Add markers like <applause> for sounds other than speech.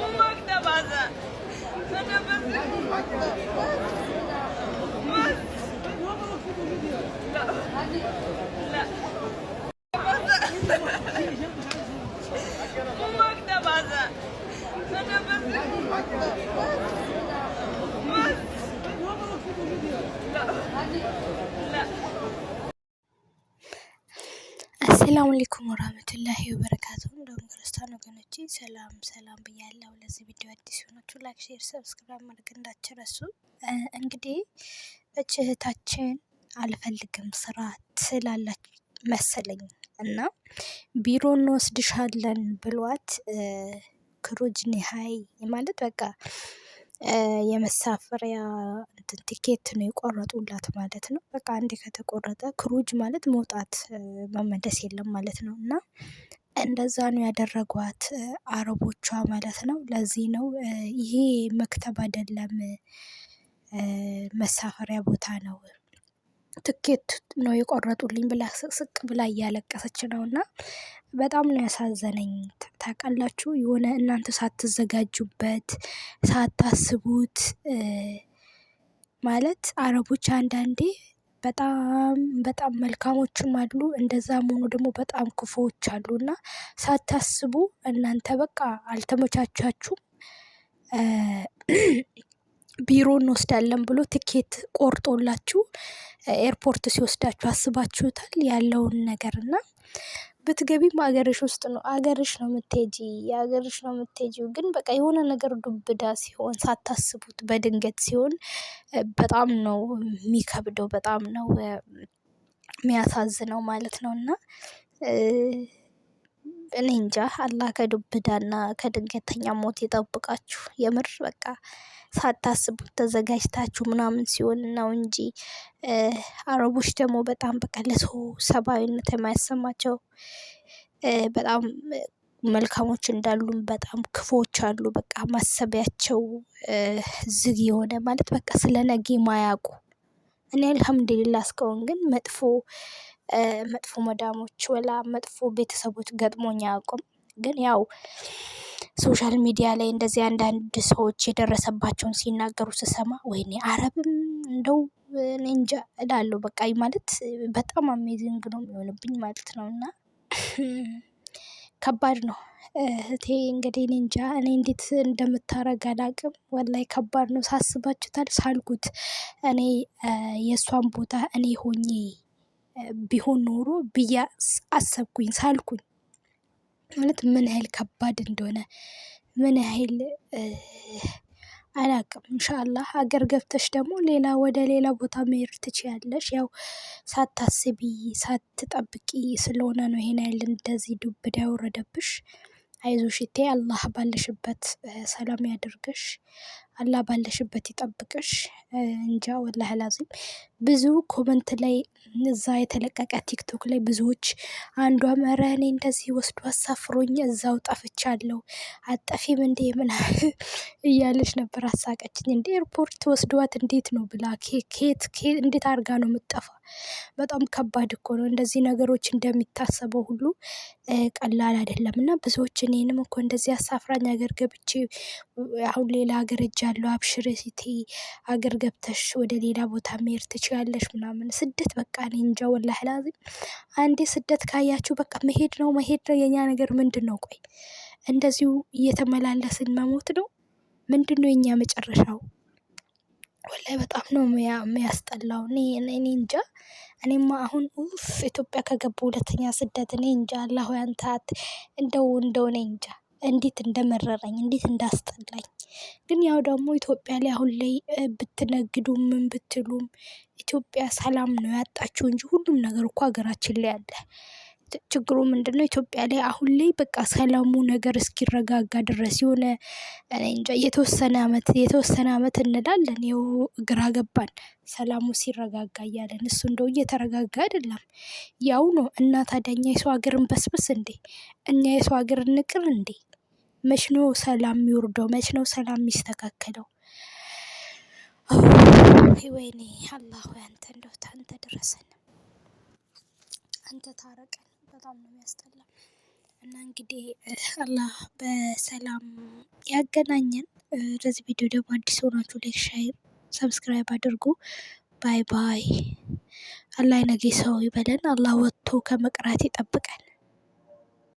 Muhtemelen. Muhtemelen. Hadi. ሰላም አለይኩም ወራህመቱላሂ ወበረካቱ። እንደውም ክርስቲያን ወገኖቼ ሰላም ሰላም ብያለሁ። ለዚህ ቪዲዮ አዲስ ሆናችሁ ላይክ፣ ሼር፣ ሰብስክራይብ ማድረግ እንዳትረሱ። እንግዲህ እህታችን አልፈልግም ስራ ትላላች መሰለኝ እና ቢሮ እንወስድሻለን ብሏት ክሩጅ ኒሃይ ማለት በቃ የመሳፈሪያ ትኬት ነው የቆረጡላት ማለት ነው። በቃ አንዴ ከተቆረጠ ክሩጅ ማለት መውጣት መመለስ የለም ማለት ነው። እና እንደዛ ነው ያደረጓት አረቦቿ ማለት ነው። ለዚህ ነው ይሄ መክተብ አይደለም መሳፈሪያ ቦታ ነው ትኬት ነው የቆረጡልኝ ብላ ስቅስቅ ብላ እያለቀሰች ነው። እና በጣም ነው ያሳዘነኝ። ታውቃላችሁ የሆነ እናንተ ሳትዘጋጁበት ሳታስቡት ማለት አረቦች አንዳንዴ በጣም በጣም መልካሞችም አሉ፣ እንደዛም ሆኖ ደግሞ በጣም ክፉዎች አሉ እና ሳታስቡ እናንተ በቃ አልተመቻቻችሁም። ቢሮ እንወስዳለን ብሎ ትኬት ቆርጦላችሁ ኤርፖርት ሲወስዳችሁ አስባችሁታል ያለውን ነገር እና ብትገቢም አገርሽ ውስጥ ነው አገርሽ ነው የምትሄጂ የአገርሽ ነው የምትሄጂው። ግን በቃ የሆነ ነገር ዱብዳ ሲሆን ሳታስቡት በድንገት ሲሆን በጣም ነው የሚከብደው በጣም ነው የሚያሳዝነው ማለት ነው እና እኔ እንጃ አላህ ከዱብዳና ከድንገተኛ ሞት ይጠብቃችሁ። የምር በቃ ሳታስቡት ተዘጋጅታችሁ ምናምን ሲሆን ነው እንጂ አረቦች ደግሞ በጣም በቃ ለሰው ሰብአዊነት የማያሰማቸው በጣም መልካሞች እንዳሉም በጣም ክፎች አሉ። በቃ ማሰቢያቸው ዝግ የሆነ ማለት በቃ ስለ ነገ ማያውቁ እኔ አልሐምዱሊላ እስካሁን ግን መጥፎ መጥፎ መዳሞች ወላ መጥፎ ቤተሰቦች ገጥሞኝ አያውቁም። ግን ያው ሶሻል ሚዲያ ላይ እንደዚህ አንዳንድ ሰዎች የደረሰባቸውን ሲናገሩ ስሰማ ወይኔ አረብም እንደው እኔ እንጃ እላለሁ። በቃ ማለት በጣም አሜዚንግ ነው የሚሆንብኝ ማለት ነው። እና ከባድ ነው እህቴ እንግዲህ እኔ እንጃ እኔ እንዴት እንደምታረግ አላቅም። ወላይ ከባድ ነው ሳስባችሁታል። ሳልኩት እኔ የእሷን ቦታ እኔ ሆኜ ቢሆን ኖሮ ብያ አሰብኩኝ ሳልኩኝ ማለት ምን ያህል ከባድ እንደሆነ ምን ያህል አላቅም። እንሻላ ሀገር ገብተሽ ደግሞ ሌላ ወደ ሌላ ቦታ መሄድ ትችያለሽ። ያው ሳታስቢ ሳትጠብቂ ስለሆነ ነው ይሄን ያህል እንደዚህ ዱብዳ ያወረደብሽ። አይዞሽ እቴ፣ አላህ ባለሽበት ሰላም ያደርግሽ። አላህ ባለሽበት ይጠብቅሽ። እንጃ ወላህ ላዚም ብዙ ኮመንት ላይ እዛ የተለቀቀ ቲክቶክ ላይ ብዙዎች አንዷ መረ እኔ እንደዚህ ወስዶ አሳፍሮኝ እዛው ጠፍቻለሁ አጠፊም እንዴ ምናምን <laughs> እያለች ነበር። አሳቀችኝ። እንደ ኤርፖርት ወስዷት እንዴት ነው ብላ ኬት እንዴት አድርጋ ነው የምጠፋ? በጣም ከባድ እኮ ነው። እንደዚህ ነገሮች እንደሚታሰበው ሁሉ ቀላል አይደለም እና ብዙዎች እኔንም እኮ እንደዚህ አሳፍራኝ ሀገር ገብቼ አሁን ሌላ ሀገር እጅ ወድጃለሁ፣ አብሽር እህቴ አገር ገብተሽ ወደ ሌላ ቦታ መሄድ ትችላለሽ ምናምን። ስደት በቃ እኔ እንጃ ወላሂ ላዚም አንዴ ስደት ካያችሁ በቃ መሄድ ነው መሄድ ነው የኛ ነገር ምንድን ነው? ቆይ እንደዚሁ እየተመላለስን መሞት ነው ምንድን ነው የኛ መጨረሻው? ወላሂ በጣም ነው የሚያስጠላው። እኔ እንጃ እኔማ አሁን ኢትዮጵያ ከገቡ ሁለተኛ ስደት እኔ እንጃ አላሁ ያንታት እንደው እንደው እኔ እንጃ እንዴት እንደመረረኝ እንዴት እንዳስጠላኝ። ግን ያው ደግሞ ኢትዮጵያ ላይ አሁን ላይ ብትነግዱም ምን ብትሉም ኢትዮጵያ ሰላም ነው ያጣችው እንጂ ሁሉም ነገር እኮ ሀገራችን ላይ አለ። ችግሩ ምንድነው? ኢትዮጵያ ላይ አሁን ላይ በቃ ሰላሙ ነገር እስኪረጋጋ ድረስ የሆነ እንጃ የተወሰነ አመት የተወሰነ አመት እንላለን ይኸው ግራ ገባን። ሰላሙ ሲረጋጋ እያለን እሱ እንደው እየተረጋጋ አይደለም። ያው ነው እና ታዲያ እኛ የሰው ሀገርን በስብስ እንዴ? እኛ የሰው ሀገር እንቅር እንዴ መች ነው ሰላም የሚወርደው? መች ነው ሰላም የሚስተካከለው? ወይኔ አላሁ አንተ እንደው አንተ ድረሰን፣ አንተ ታረቀን። በጣም ነው የሚያስጠላ። እና እንግዲህ አላህ በሰላም ያገናኘን። ለዚህ ቪዲዮ ደግሞ አዲስ ሆናችሁ ላይክ፣ ሻይር፣ ሰብስክራይብ አድርጉ። ባይ ባይ። አላህ ነገ ሰው ይበለን። አላህ ወጥቶ ከመቅራት ይጠብቀን።